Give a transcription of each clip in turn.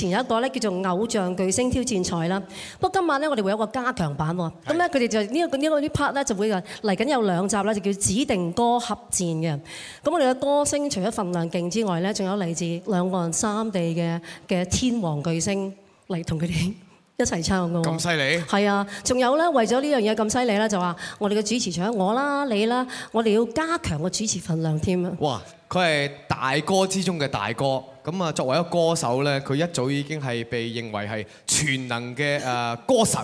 前一個咧叫做偶像巨星挑戰賽啦，不過今晚咧我哋會有個加強版喎。咁咧佢哋就呢個呢個啲 part 咧就會嚟緊有兩集咧就叫指定歌合戰嘅。咁我哋嘅歌星除咗份量勁之外咧，仲有嚟自兩岸三地嘅嘅天王巨星嚟同佢哋一齊唱嘅。咁犀利？係啊，仲有咧為咗呢樣嘢咁犀利咧，就話我哋嘅主持除咗我啦你啦，我哋要加強個主持份量添啊！哇，佢係大哥之中嘅大哥。咁啊，作為一個歌手咧，佢一早已經係被認為係全能嘅誒歌神。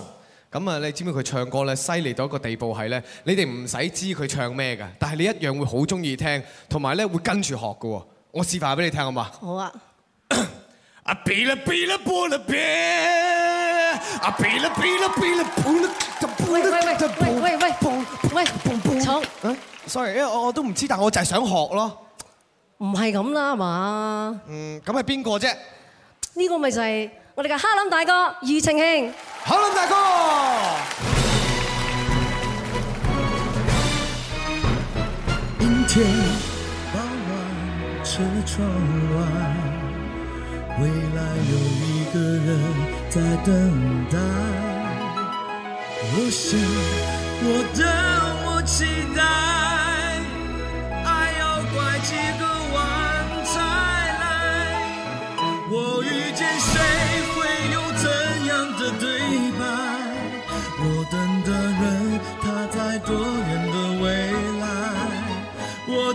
咁啊，你知唔知佢唱歌咧犀利到一個地步係咧？你哋唔使知佢唱咩㗎，但係你一樣會好中意聽，同埋咧會跟住學㗎喎。我示範下俾你聽，好唔好啊？好啊。啊，比了比了，撥了別。啊，比了比了，比了撥了，噔撥了噔噔撥撥撥撥撥。好。嗯。Sorry，因為我我都唔知，但係我就係想學咯。唔係咁啦，係嘛？嗯，咁係邊個啫？呢個咪就係我哋嘅哈林大哥庾澄慶。哈林大哥。明天傍晚車窗外，未來有一個人在等待。我想，我等，我期待。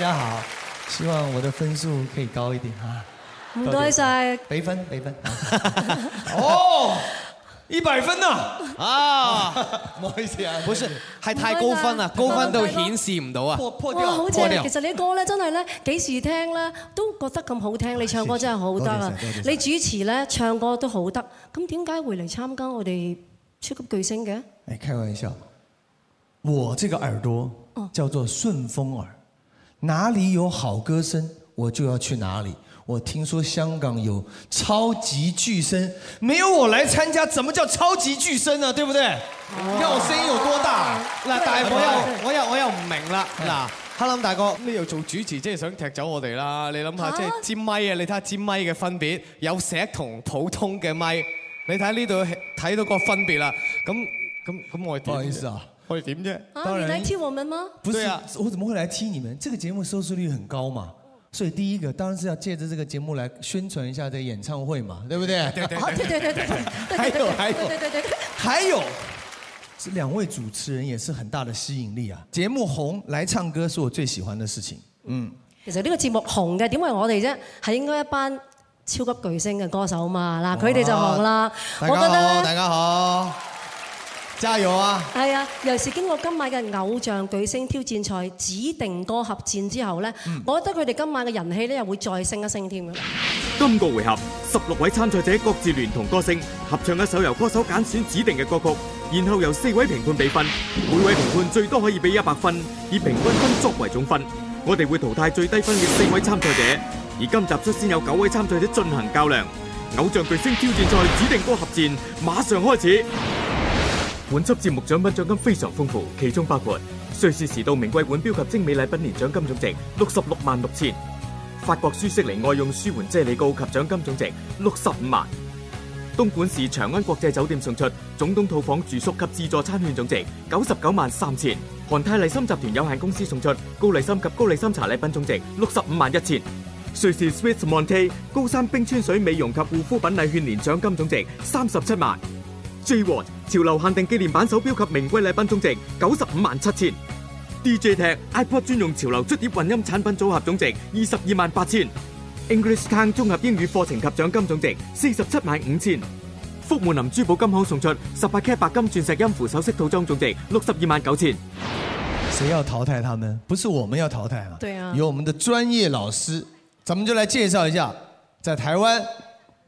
大家好，希望我的分數可以高一點啊！唔該晒，畀分畀分哦，一百分啊！啊，唔好意思啊，不是，係太高分啦，高分都顯示唔到啊！哇，好正，其實你啲歌咧真係咧幾時聽咧都覺得咁好聽，你唱歌真係好得啊！你主持咧唱歌都好得，咁點解會嚟參加我哋超級巨星嘅？誒，開玩笑，我這個耳朵叫做順風耳。哪裏有好歌聲，我就要去哪裏。我聽說香港有超級巨聲，沒有我來參加，怎麼叫超級巨聲呢、啊？對不對？要我聲音有多大、啊？嗱，大伯，我我我我又唔明啦。嗱，哈林大哥，你又做主持，即、就、係、是、想踢走我哋啦？你諗下，即係支咪啊？你睇下支咪嘅分別，有石同普通嘅咪。你睇呢度睇到個分別啦。咁咁咁，我哋點？會點啫？啊，你來踢我們嗎？不是，我怎麼會來踢你們？這個節目收視率很高嘛，所以第一個當然是要借着這個節目來宣傳一下這個演唱會嘛，對不對？對對對對對對對。還有還有，對對對對，還有是兩位主持人也是很大的吸引力啊。節目紅，來唱歌是我最喜歡的事情。嗯，其實呢個節目紅嘅，點會係我哋啫？係應該一班超級巨星嘅歌手嘛。嗱，佢哋就紅啦、啊。大家好，大家好。加油啊，係啊，尤其是經過今晚嘅偶像巨星挑戰賽指定歌合戰之後呢、嗯，我覺得佢哋今晚嘅人氣呢又會再升一升添。今個回合，十六位參賽者各自聯同歌星合唱一首由歌手揀選，選指定嘅歌曲，然後由四位評判比分，每位評判最多可以俾一百分，以平均分作為總分。我哋會淘汰最低分嘅四位參賽者，而今集率先有九位參賽者進行較量。偶像巨星挑戰賽指定歌合戰馬上開始。本輯節目獎品獎金非常豐富，其中包括瑞士時度名貴腕表及精美禮品年獎金總值六十六萬六千；法國舒適靈外用舒緩啫喱膏及獎金總值六十五萬；東莞市長安國際酒店送出總統套房住宿及自助餐券總值九十九萬三千；韓泰麗森集團有限公司送出高麗參及高麗參茶禮品總值六十五萬一千；瑞士 Swiss Monti 高山冰川水美容及護膚品禮券年獎金總值三十七萬。J Watch 潮流限定紀念版手錶及名貴禮品總值九十五萬七千；D J Tech iPod 專用潮流出碟混音產品組合總值二十二萬八千；English Class 綜合英語課程及獎金總值四十七萬五千；福門林珠寶金行送出十八 K 白金鑽石音符首飾套裝總值六十二萬九千。誰要淘汰他們？不是我們要淘汰啊！對啊，有我們的專業老師，咱們就來介紹一下，在台灣。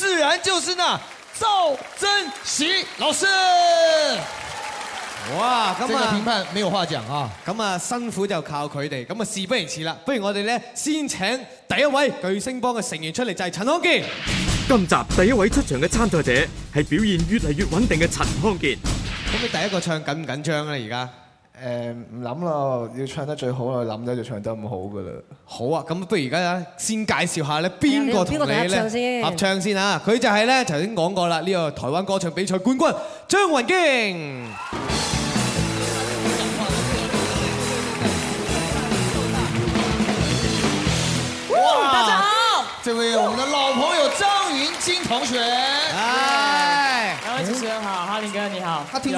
自然就是那趙貞喜老師。哇，這個評判沒有話講啊！咁啊，辛苦就靠佢哋，咁啊，事不宜遲啦，不如我哋先請第一位巨星幫嘅成員出嚟，就係陳康健。今集第一位出場嘅參賽者係表現越嚟越穩定嘅陳康健。咁你第一個唱緊唔緊張啊？而家？誒唔諗啦，要唱得最好啦，諗咗就唱得唔好噶啦。好啊，咁不如而家先介紹下咧，邊個同你咧合唱先啊？佢就係咧，頭先講過啦，呢個台灣歌唱比賽冠軍張雲京。哇！大家好，這位我們的老朋友張雲京同學。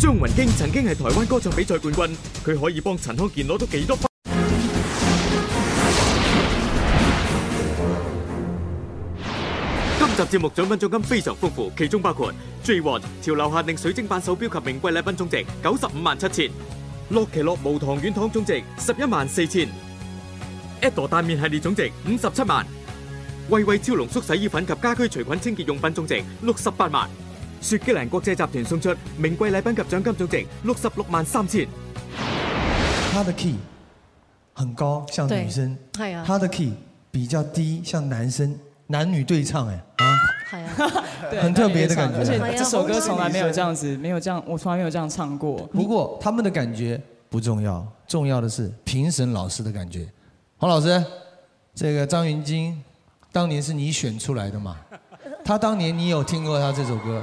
張云京曾經係台灣歌唱比賽冠軍，佢可以幫陳康健攞到幾多分？今集節目獎品獎金非常豐富，其中包括 J1 潮流限定水晶版手錶及名貴禮品總值九十五萬七千，樂奇樂無糖軟糖總值十一萬四千，Edo 蛋麵系列總值五十七萬，維維超濃縮洗衣粉及家居除菌清潔用品總值六十八萬。雪肌蘭國際集團送出名貴禮品及獎金總值六十六萬三千。他的 key 很高，像女生、啊；他的 key 比較低，像男生。男女對唱、欸、啊，啊對，很特別的感覺。這首歌從來沒有這樣子，沒有這樣，我從來沒有這樣唱過。不過他們的感覺不重要，重要的是評審老師的感覺。黃老師，這個張芸京當年是你選出來的嘛？他當年你有聽過他這首歌？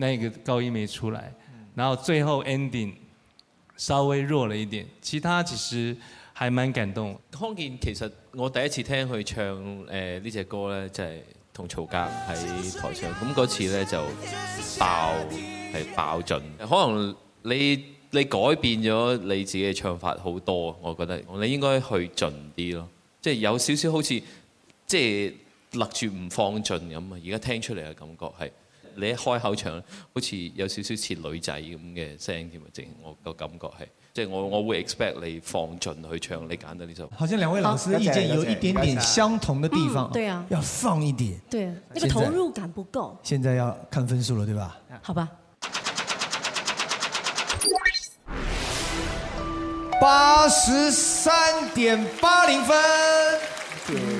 那個高音沒出來，然後最後 ending 稍微弱了一點，其他其實還蠻感動。康健其實我第一次聽佢唱誒呢隻歌呢，就係同曹格喺台上。咁嗰次呢，就爆係爆盡。可能你你改變咗你自己嘅唱法好多，我覺得你應該去盡啲咯，即係有少少好似即係勒住唔放盡咁啊！而家聽出嚟嘅感覺係。你一開口唱，好似有少少似女仔咁嘅聲添啊！正我個感覺係，即係我我會 expect 你放盡去唱，你揀到呢首。好像兩位老師意見有一點點相同的地方。嗯，對啊，要放一點，對，那個投入感唔夠。現在要看分數了，對吧？好吧，八十三點八零分。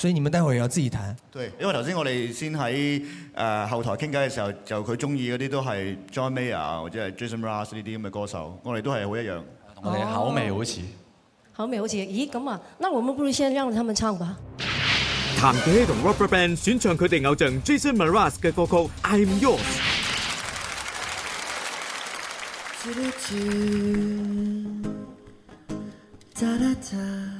所以你們待會兒要自己彈。對，因為頭先我哋先喺誒後台傾偈嘅時候，就佢中意嗰啲都係 John Mayer 或者係 Jason Mraz 呢啲咁嘅歌手，我哋都係好一樣，我哋口味好似。口味好似，咦咁啊？那我們不如先讓他們唱吧。譚傑希同 RubberBand 選唱佢哋偶像 Jason Mraz 嘅歌曲《I'm Yours》。打打打打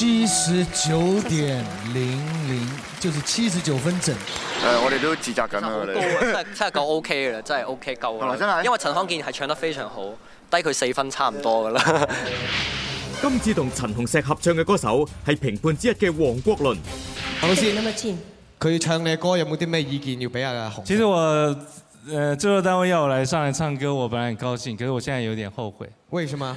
七十九點零零，就是七十九分整。誒，我哋都自責緊啊，你真的。真係夠 OK 噶啦，真係 OK 夠。原來真係，因為陳康健係唱得非常好，低佢四分差唔多噶啦。今次同陳鴻石合唱嘅歌手係評判之一嘅黃國倫。老師 number ten，佢唱嘅歌有冇啲咩意見要俾阿阿紅？其實我誒，招待單位又嚟上嚟唱歌，我本來高興，其實我現在有點後悔。為什麼？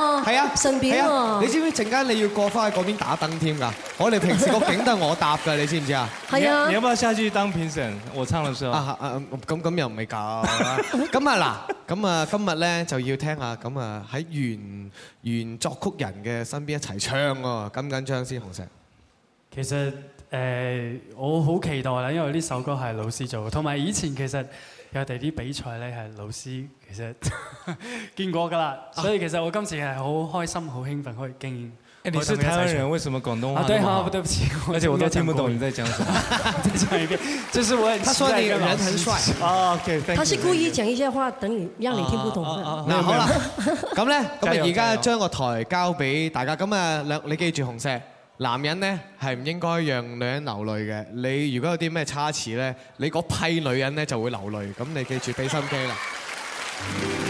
係啊，順便啊，你知唔知陣間你要過翻去嗰邊打燈添㗎？我哋平時個景都係我搭㗎，你知唔知啊？係啊，你有冇將啲燈片？成我撐落去啊？咁咁又唔係咁。咁啊嗱，咁啊今日咧就要聽下，咁啊喺原原作曲人嘅身邊一齊唱喎，緊唔緊張先？紅石，其實誒我好期待啦，因為呢首歌係老師做嘅，同埋以前其實。有第二啲比賽呢，係老師其實見過㗎啦，所以其實我今次係好開心、好興奮，可以經驗。你先睇下台灣人為什麼廣東話？對啊，不，對不起，而且我都聽不懂你在講什麼。講一遍，這是我很期待嘅老師。他是故意講一些話，等你讓你聽不懂。嗱，好啦，咁咧，咁啊，而家將個台交俾大家。咁啊，兩你記住紅色。男人呢，係唔應該讓女人流淚嘅。你如果你有啲咩差池呢，你嗰批女人呢，就會流淚。咁你記住俾心機啦。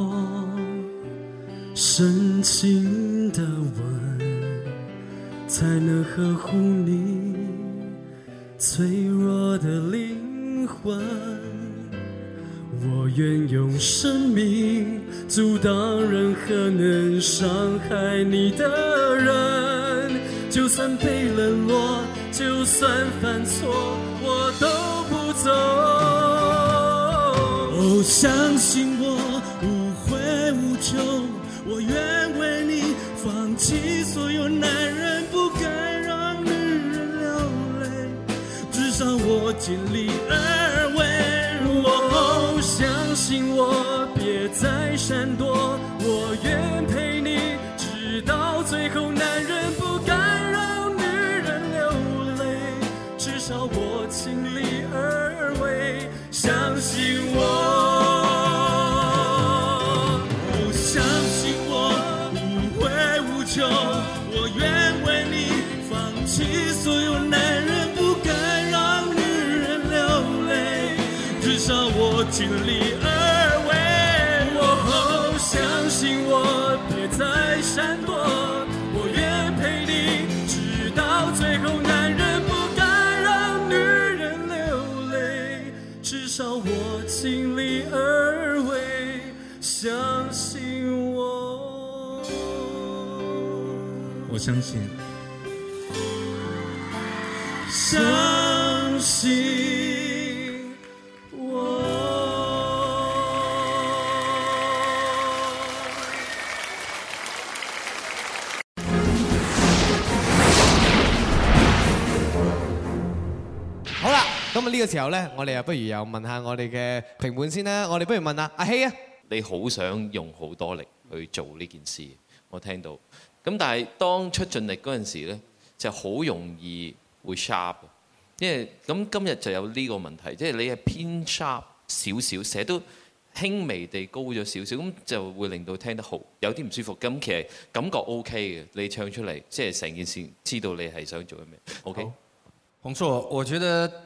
咁、這、呢個時候呢，我哋又不如又問下我哋嘅評判先啦。我哋不如問下阿希啊。你好想用好多力去做呢件事，我聽到。咁但係當出盡力嗰陣時呢，就好容易會 sharp。因為咁今日就有呢個問題是是點點，即係你係偏 sharp 少少，寫都輕微地高咗少少，咁就會令到聽得好有啲唔舒服。咁其實感覺 OK 嘅，你唱出嚟即係成件事，知道你係想做啲咩。OK。洪叔，我覺得。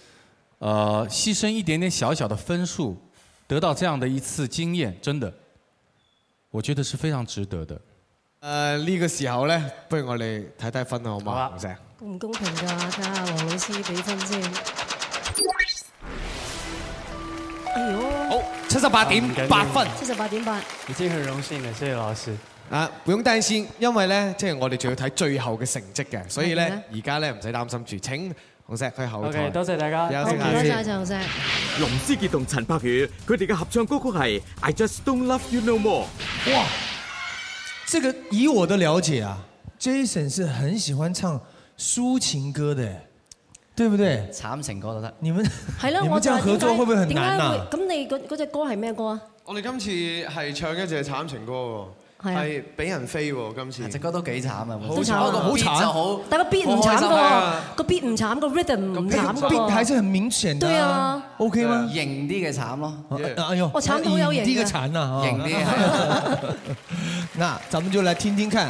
呃，犧牲一點點小小的分數，得到這樣的一次經驗，真的，我覺得是非常值得的。呃，呢個時候呢，不如我哋睇睇分啦，好嗎？好啊，公唔公平噶？睇下黃老師俾分先。哎呦！好，七十八點八分，七十八點八。已經很榮幸啦，謝謝老師。啊，不用擔心，因為呢，即係我哋仲要睇最後嘅成績嘅，所以呢，而家呢，唔使擔心住，請。好多謝，謝大家，多謝陳老師。龍之傑同陳柏宇，佢哋嘅合唱歌曲係《I Just Don't Love You No More》。哇，這個以我的了解啊，Jason 是很喜歡唱抒情歌的，對不對？慘情歌都得，就是，你們係咯，我哋咁樣合作會唔會很難啊？咁你嗰嗰隻歌係咩歌啊？我哋今次係唱一隻慘情歌。係，俾人飛喎今次。隻歌都幾慘，慘、哦那個、慘、慘啊，好慘好慘。那那個慘，但個 beat 唔慘噶喎，個 beat 唔慘，個 rhythm 唔慘，個 beat 真係面善啊。對啊，OK 嗎？型啲嘅慘咯。哎呦，我慘到有型啊。型啲啊。嗱，咁就嚟聽聽看。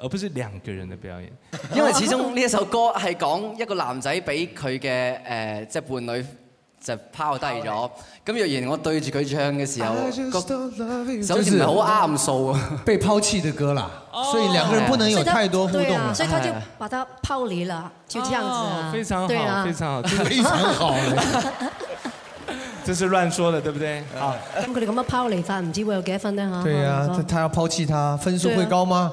而不是兩個人的表演，因為始終呢一首歌係講一個男仔俾佢嘅誒即係伴侶就拋低咗。咁若然我對住佢唱嘅時候，很就是不是好啱數？被拋棄嘅歌啦，oh, 所以兩個人不能有太多互動所、啊。所以他就把他拋離了，就這樣子、oh, 非常好、啊，非常好，真的非常好。 這是亂說的，對唔對？啊！咁佢哋咁樣拋離法，唔知會有幾多分呢？嚇？對啊，他要拋棄他，分數會高嗎？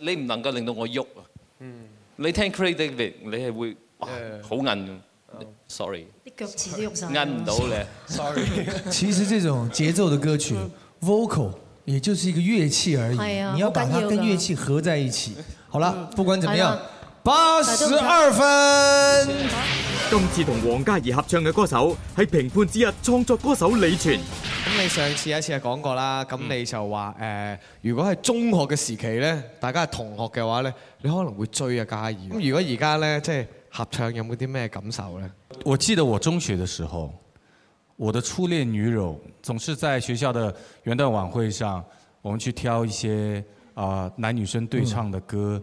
你唔能夠令到我喐啊！你聽 crazy 啲，你係會哇好韌，sorry。啲腳趾都喐韌唔到咧，sorry。其實這種節奏的歌曲，vocal、嗯、也就是一個樂器而已，你要把它跟樂器合在一起。好了，不管怎麼樣。八十二分。今次同王嘉爾合唱嘅歌手係評判之一，創作歌手李泉。咁你上次一次係講過啦，咁你就話誒、呃，如果係中學嘅時期咧，大家係同學嘅話咧，你可能會追啊嘉爾。咁如果而家咧，即係合唱，有冇啲咩感受咧？我記得我中學嘅時候，我的初戀女友總是在學校的元旦晚會上，我們去挑一些啊男女生對唱的歌。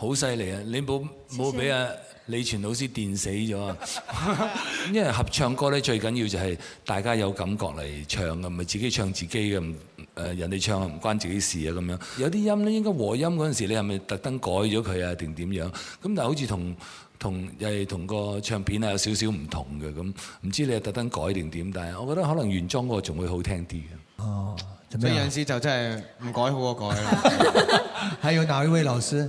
好犀利啊！你冇冇俾阿李泉老師電死咗啊？謝謝。因為合唱歌咧最緊要就係大家有感覺嚟唱嘅，唔係自己唱自己嘅，唔誒人哋唱唔關自己事啊咁樣。有啲音咧應該和音嗰陣時候你，你係咪特登改咗佢啊？定點樣？咁但係好似同同又係同個唱片啊有少少唔同嘅咁，唔知你係特登改定點？但係我覺得可能原裝嗰個仲會好聽啲嘅。哦，所以有陣時就真係唔改好過改啦。還有哪一位老師？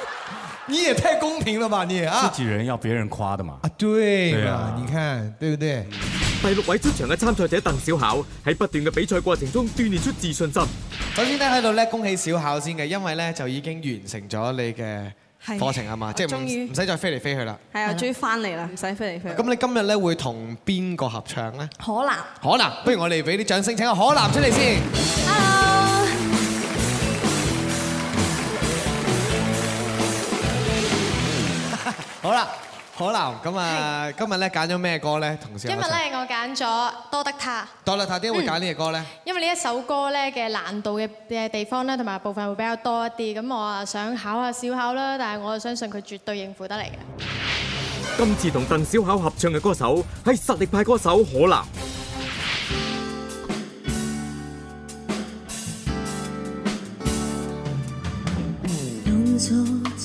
你也太公平了吧，你啊！自己人要別人誇的嘛？啊，對啊，你看，對不對？第六位出場嘅參賽者鄧小巧，喺不斷嘅比賽過程中鍛煉出自信心。首先呢，喺度咧恭喜小巧先嘅，因為咧就已經完成咗你嘅課程啊嘛，即係唔終於唔使再飛嚟飛去啦。係啊，終於翻嚟啦，唔使飛嚟飛去。咁你今日咧會同邊個合唱咧？可南，可南，不如我哋俾啲掌聲請可南出嚟先。好啦，可能。咁啊，今日咧揀咗咩歌咧？同事今日咧，我揀咗多得他。多得他點解會揀呢隻歌咧？因為呢一首歌咧嘅難度嘅嘅地方咧，同埋部分會比較多一啲。咁我啊想考，考一下小巧啦，但係我相信佢絕對應付得嚟嘅。今次同鄧小巧合唱嘅歌手係實力派歌手可能。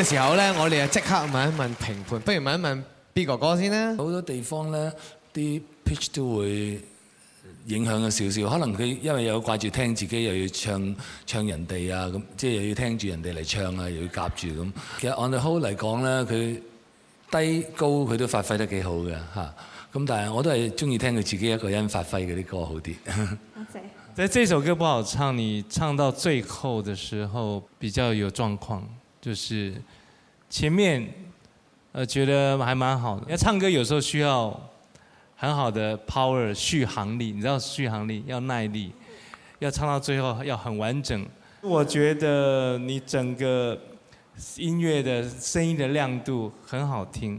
嘅、那個、時候咧，我哋就即刻問一問評判，不如問一問 B 哥哥先啦。好多地方咧，啲 pitch 都會影響咗少少，可能佢因為有掛住聽自己，又要唱唱人哋啊，咁即係又要聽住人哋嚟唱啊，又要夾住咁。其實 on the whole 嚟講咧，佢低高佢都發揮得幾好嘅嚇。咁但係我都係中意聽佢自己一個人發揮嗰啲歌好啲。多謝。即係這首歌不好唱，你唱到最後嘅時候比較有狀況。就是前面，呃，覺得還蠻好的。要唱歌，有時候需要很好的 power 續航力，你知道續航力要耐力，要唱到最後要很完整。我覺得你整個音樂的聲音的亮度很好聽，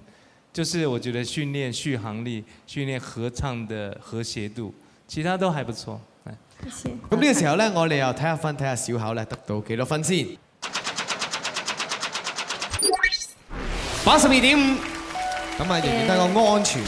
就是我覺得訓練續航力、訓練合唱的和諧度，其他都還不錯。來，謝謝。咁呢個時候呢，我哋又睇下分，睇下小考咧得到幾多分先。八十二點五，咁啊仍然都係個安全。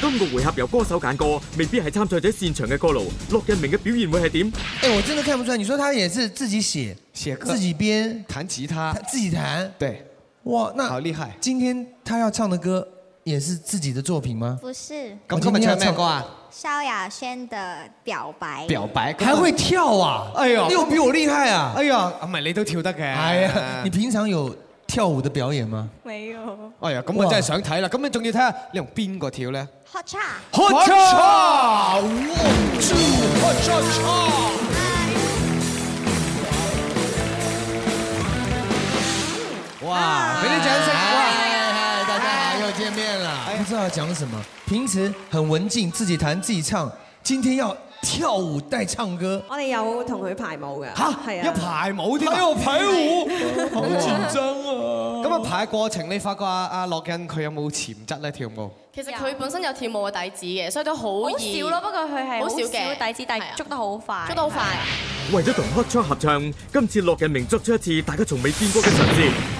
今個回合由歌手揀歌，未必係參賽者擅長嘅歌路。駱人明嘅表現會係點？誒、欸，我真的看不出來。你說他也是自己寫、寫歌、自己編、彈吉他、自己彈，對，哇，那好厲害。今天他要唱嘅歌也是自己的作品嗎？不是，咁今晚唱咩歌啊？蕭亞軒的表白，表白，還會跳啊！哎呀，你有，有比我厲害啊！哎呀，唔係你都跳得嘅，係、哎、啊，你平常有？跳舞的表演嗎？沒有。哎呀、啊，咁我真係想睇啦！咁你仲要睇下你用邊個跳呢？喝茶。喝茶。哇，給你掌聲！嗨嗨，大家好，又見面啦！不知道講什麼。平時很文靜，自己彈自己唱，今天要跳舞帶唱歌，我哋有同佢排舞嘅啊，一排舞喺度排舞，排舞好認真啊！咁啊排嘅過程，你發覺啊啊樂欣佢有冇潛質咧跳舞？其實佢本身有跳舞嘅底子嘅，所以都好易咯。不過佢係好少嘅底子，但係捉得好快、啊，捉得好快、啊。為咗同黑槍合唱，今次樂欣明捉出一次大家從未見過嘅神技。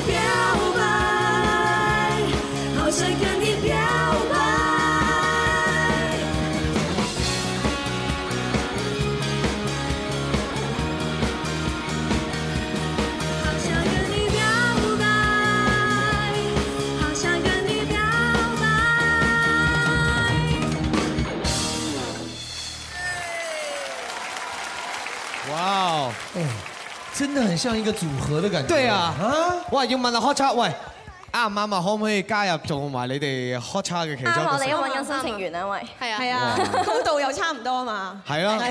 真的很像一個組合的感覺。對啊，哇、啊！要問下、啊、Hotch，喂，啱唔啱啊？可唔可以加入做埋你哋 Hotch 嘅其中一？當我哋一位新成員啊？喂，係啊係啊，高度、啊、又差唔多啊嘛。係啊，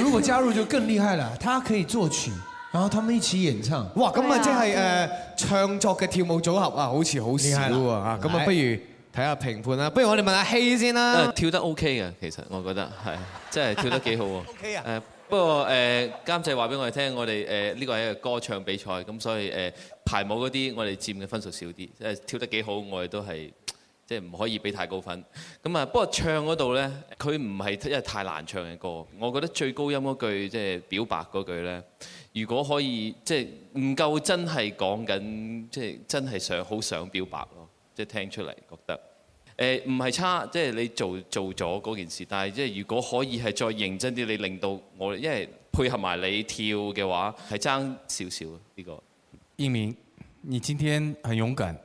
如果加入就更厲害啦。他可以作曲，然後他們一起演唱。哇！咁啊，即係誒唱作嘅跳舞組合啊，好似好少喎嚇。咁啊，不如睇下評判啦。不如我哋問下 Hei 先啦。跳得 OK 嘅，其實我覺得係，真係跳得幾好 OK 啊。呃不過誒監製話俾我哋聽，我哋誒呢個係一個歌唱比賽，咁所以誒排舞嗰啲我哋佔嘅分數少啲，跳得幾好，我哋都係即係唔可以俾太高分。咁啊，不過唱嗰度呢，佢唔係因為太難唱嘅歌，我覺得最高音嗰句即係、就是、表白嗰句呢，如果可以即係唔夠真係講緊，即、就、係、是、真係想好想表白咯，即、就、係、是、聽出嚟覺得。誒唔係差，即係你做做咗嗰件事，但係即係如果可以係再認真啲，你令到我，因為配合埋你跳嘅話係爭少少呢個。英明，你今天很勇敢，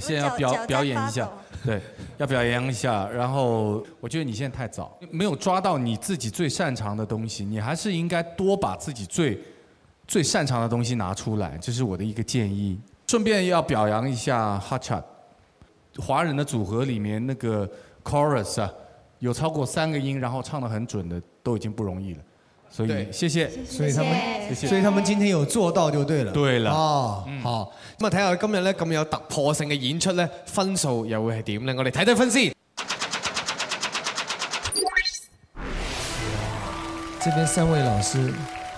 現在要表表演一下，對，要表演一下。然後我覺得你現在太早，沒有抓到你自己最擅長嘅東西，你還是應該多把自己最最擅長嘅東西拿出來，這是我的一個建議。順便要表揚一下哈恰。華人的組合裏面，那個 chorus 啊，有超過三個音，然後唱得很準的，都已經不容易了。所以，謝謝，所以他們謝謝謝謝，所以他們今天有做到就對了。對了，哦，嗯、好，咁啊，睇下今日呢，咁有突破性嘅演出呢，分數又會係點咧？我哋睇睇分析。這邊三位老師。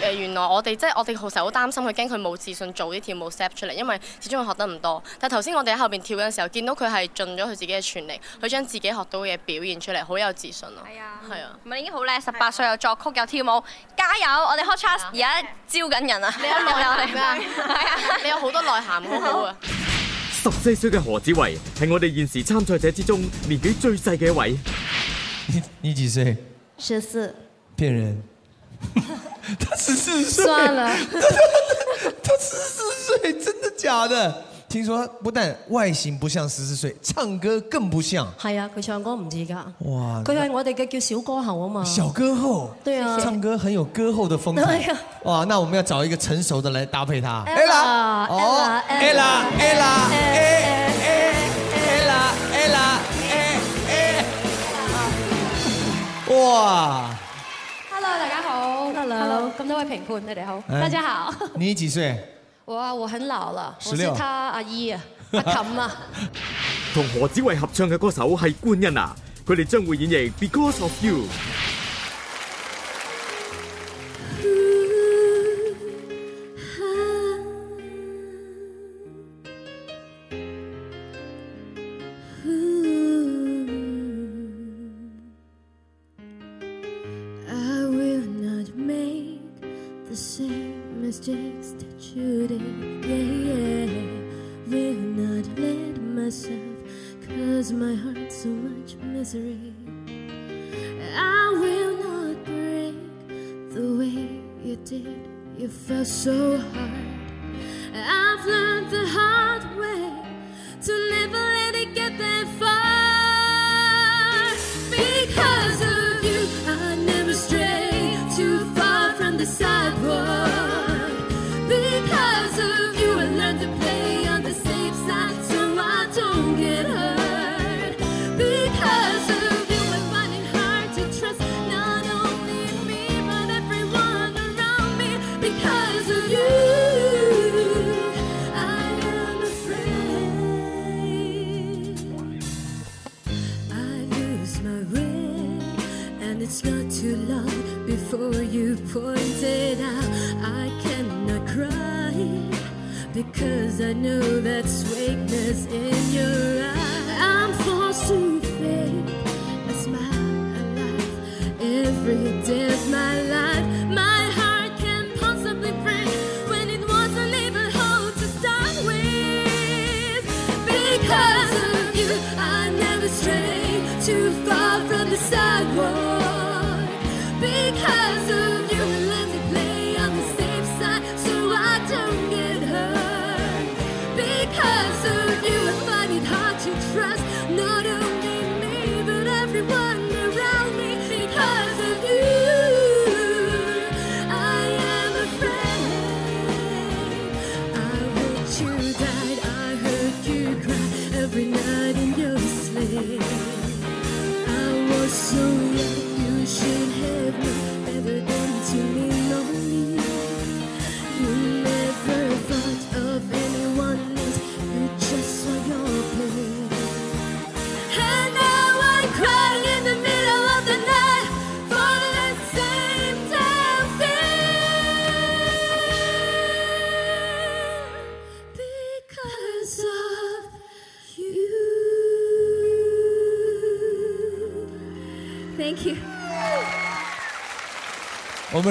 誒原來我哋即係我哋好成日好擔心佢，驚佢冇自信做啲跳舞 step 出嚟，因為始終佢學得唔多。但係頭先我哋喺後邊跳嘅時候，見到佢係盡咗佢自己嘅全力，佢將自己學到嘅嘢表現出嚟，好有自信咯。係、哎、啊，係啊，唔係你已經好叻，十八歲又、哎、作曲又跳舞，加油！我哋 h o 而家招緊人啊，你有內涵㗎，係啊，你有好多內涵，會會好好啊！十四歲嘅何子維係我哋現時參賽者之中年紀最細嘅一位。呢你幾歲？十四。騙人。 他，是四歲了，他四十四歲，算了。他十四歲，真的假的，的，的？聽說不但外形不像十四歲，唱歌更不像。係啊，佢唱歌唔似㗎。哇！佢係我哋嘅叫小歌后啊嘛。小歌后。對啊。唱歌很有歌后的風格。哇！那我們要找一個成熟的來搭配他。ella 哦 ella ella ella ella ella 哇！咁多位評判，大家好，哎，大家好。你幾歲？我啊，我很老啦，我是他阿姨啊，阿琴啊。同 何梓慧合唱嘅歌手係官恩娜，佢哋將會演繹 Because of You。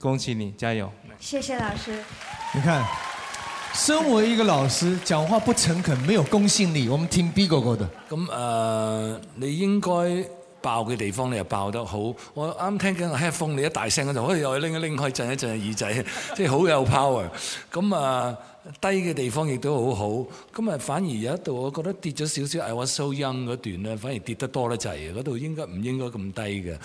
恭喜你，加油！謝謝老師。你看，身為一個老師，講話不誠懇，沒有公信力。我們聽 B 哥哥的。咁、呃、你應該爆嘅地方你又爆得好。我啱聽緊個 headphone，你一大聲嗰陣，好似又拎一拎開，震一震耳仔，即係好有 power。咁啊。呃低嘅地方亦都好好，咁啊反而有一度，我覺得跌咗少少。I was so young 嗰段咧，反而跌得多得滯，嗰度應該唔應該咁低嘅？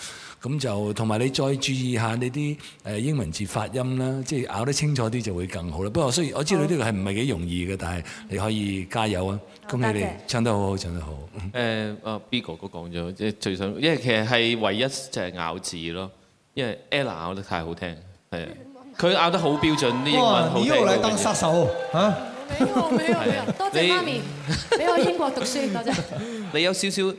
咁就同埋你再注意下你啲誒英文字發音啦，即係咬得清楚啲就會更好啦。不過雖然我知道呢個係唔係幾容易嘅，但係你可以加油啊！咁你哋唱得好好，唱得好。誒、呃，阿 B 哥哥講咗，即係最想，因為其實係唯一就係咬字咯，因為 Ella 咬得太好聽，係啊。佢拗得好標準啲英文好，好、啊、聽。你好，你當殺手嚇？你俾我英國讀書多謝，謝。你，你有少少誒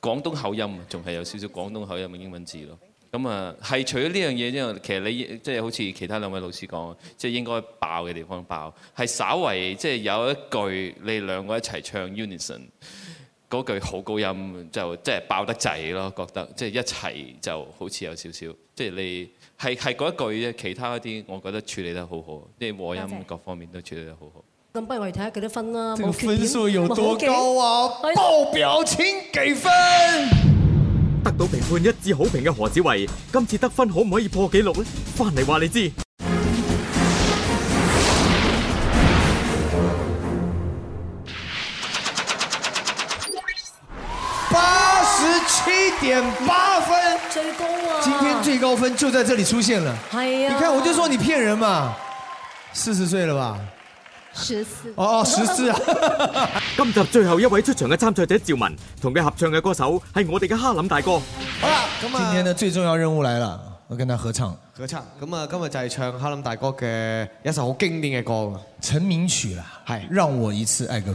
廣東口音，仲係有少少廣東口音嘅英文字咯。咁啊，係除咗呢樣嘢之外，其實你即係好似其他兩位老師講，即係應該爆嘅地方爆，係稍為即係有一句你兩個一齊唱 unison 嗰句好高音，就即係爆得滯咯。覺得即係一齊就好似有少少即係你。係係嗰一句啫，其他嗰啲我覺得處理得好好，即係和音各方面都處理得好好。咁不如我哋睇下幾多分啦。這個、分數有多高啊？爆表情，幾分。得到評判一致好評嘅何子維，今次得分可唔可以破紀錄咧？翻嚟話你知。點八分，最高啊！今天最高分就在這裡出現了。係啊！你看，我就說你騙人嘛，四十歲了吧？十四哦，十四啊！ 今集最後一位出場嘅參賽者趙文，同佢合唱嘅歌手係我哋嘅哈林大哥。好啦，咁啊，今天嘅最重要任務來了，我跟他合唱。合唱。咁啊，今日就係唱哈林大哥嘅一首好經典嘅歌明啊，成名曲啦，係《讓我一次愛個夠》。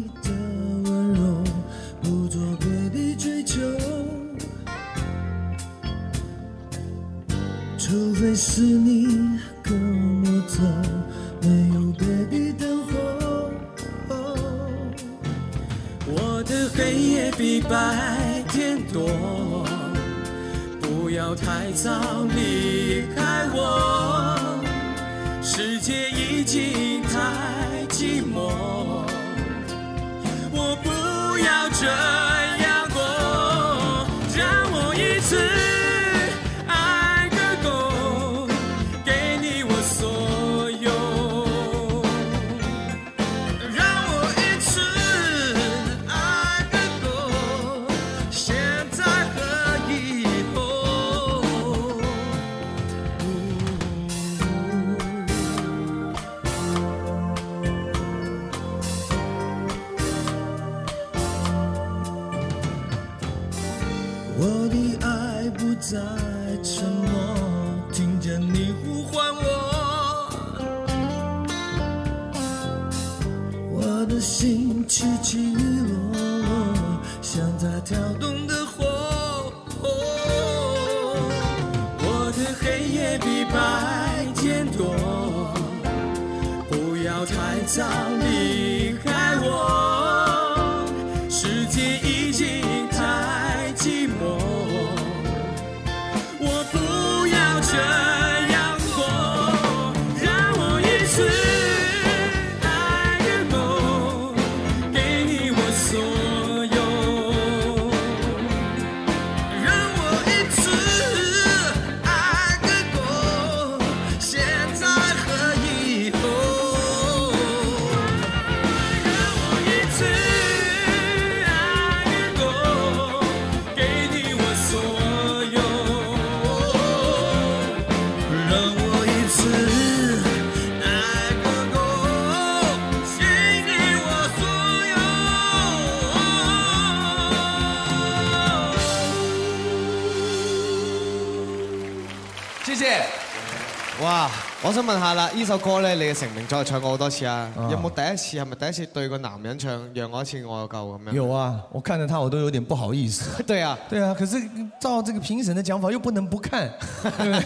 我想問下啦，呢首歌咧，你嘅成名作唱過好多次啊。有冇第一次係咪、哦、第一次對個男人唱《讓我一次愛夠》咁樣？有啊，我看到他，我都有點不好意思。對啊，對啊。可是照這個評審嘅講法，又不能不看。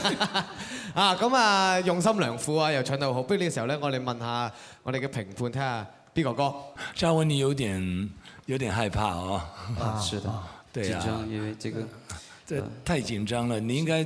啊，咁啊，用心良苦啊，又唱得好。不過呢個時候咧，我哋問下我哋嘅評判睇下邊個歌。看看哥哥張文，你有點有點害怕、哦、啊？是的，對啊，因為這個，這、啊、太緊張了，你應該。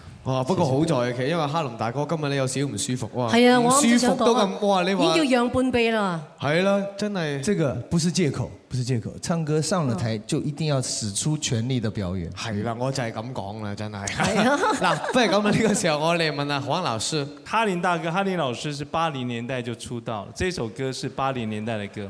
哇！不過好在其實，因為哈林大哥今日你有少少唔舒服，啊。唔舒服都咁，哇你話已經要養半臂啦。係啦，真係即係不是借口，不是借口，唱歌上了台就一定要使出全力的表演。係啦，我就係咁講啦，真係。嗱，不如咁啊！呢個時候我嚟問下黃老師，哈林大哥，哈林老師是八零年代就出道，這首歌是八零年代的歌。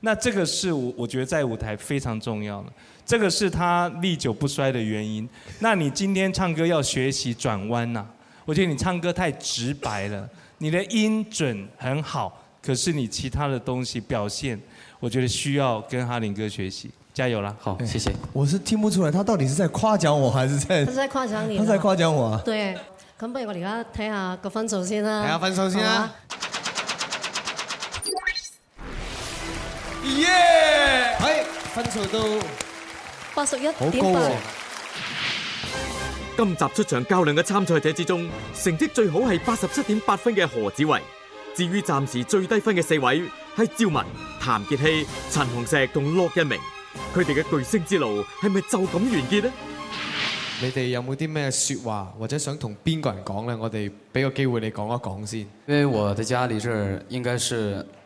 那這個是，我我覺得在舞台非常重要了，這個是他歷久不衰的原因。那你今天唱歌要學習轉彎呐，我覺得你唱歌太直白了，你的音準很好，可是你其他的東西表現，我覺得需要跟哈林哥學習，加油啦！好，謝謝。我是聽不出來他到底是在誇獎我，還是在……他在誇獎你，他在誇獎我。對，可唔可以我哋睇下個分數先啦，睇下分數先啦。耶！係分數到八十一點八，今集出場較量嘅參賽者之中，成績最好係八十七點八分嘅何子維。至於暫時最低分嘅四位係趙文、譚傑希、陳紅石同駱一鳴，佢哋嘅巨星之路係咪就咁完結呢？你哋有冇啲咩說話或者想同邊個人講呢？我哋俾個機會你講一講先。因為我嘅家裏應該是。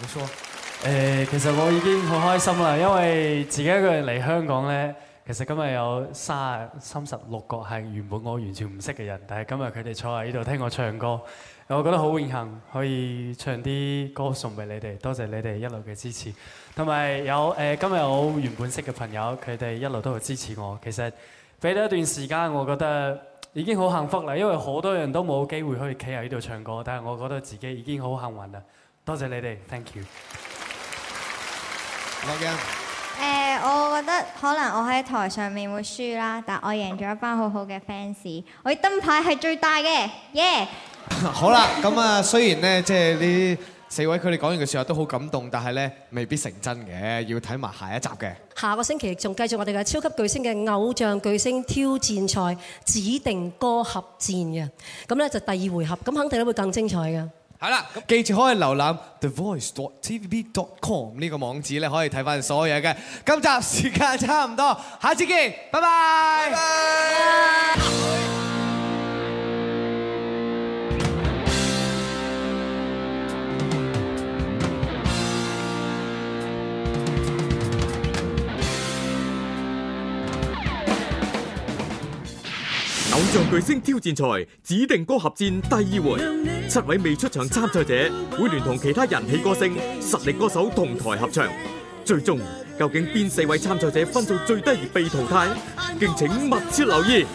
冇錯，誒，其實我已經好開心啦，因為自己一個人嚟香港呢，其實今日有三三十六個係原本我完全唔識嘅人，但係今日佢哋坐喺呢度聽我唱歌，我覺得好榮幸可以唱啲歌送俾你哋，多謝你哋一路嘅支持，同埋有誒今日有我原本識嘅朋友，佢哋一路都會支持我，其實俾咗一段時間，我覺得已經好幸福啦，因為好多人都冇機會可以企喺呢度唱歌，但係我覺得自己已經好幸運啦。多謝你哋，Thank you。樂嘉，誒，我覺得可能我喺台上面會輸啦，但係我贏咗一班好好嘅 fans，我燈牌係最大嘅，Yeah！好啦，咁啊，雖然咧，即係呢四位佢哋講完嘅時候都好感動，但係咧未必成真嘅，要睇埋下一集嘅。下個星期仲繼續我哋嘅超級巨星嘅偶像巨星挑戰賽指定歌合戰嘅，咁咧就第二回合，咁肯定都會更精彩嘅。好啦，記住可以瀏覽 thevoice.tvb.com 呢個網址咧，可以睇翻所有嘢嘅。今集時間差唔多，下次見，拜拜。《唱巨星挑戰賽》指定歌合戰第二回，七位未出場參賽者會聯同其他人氣歌星、實力歌手同台合唱，最終究竟邊四位參賽者分數最低而被淘汰？敬請密切留意。